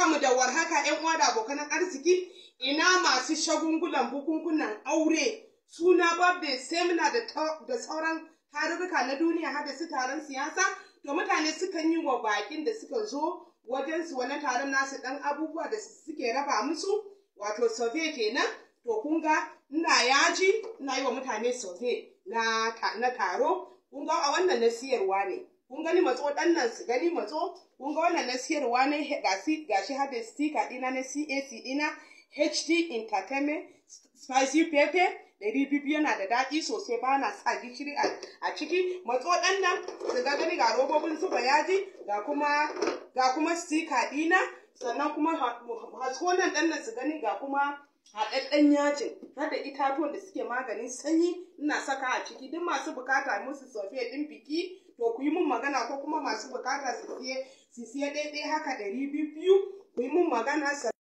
barkamu da warhaka ‘yan uwa da abokan arziki ina masu shagungulan bukunkunan aure suna birthday seminar da sauran tarurruka na duniya har da su taron siyasa to mutane sukan yi wa bakin da suka zo wajen su wani taron nasu dan abubuwa da suke raba musu wato survey kenan to kun ga ina yaji ina yi wa mutane survey na taro kun ga a wannan na siyarwa ne kun gani matso dan nan su gani matso kun ga wannan na siyarwa ne ga shi gashi har sticker dina na CAC dina HD Entertainment Spicy Pepper ɗari bibi yana da daɗi sosai ba na sa gishiri a ciki matso su ga gani ga robobin zuba yaji ga kuma ga kuma stika ɗina sannan kuma hasko nan su gani ga kuma haɗaɗɗen yajin har da itatuwan da suke maganin sanyi ina saka a ciki duk masu bukata musu sofiya ɗin biki to ku yi mun magana ko kuma masu bukata su siye daidai haka ɗari biyu ku yi mun magana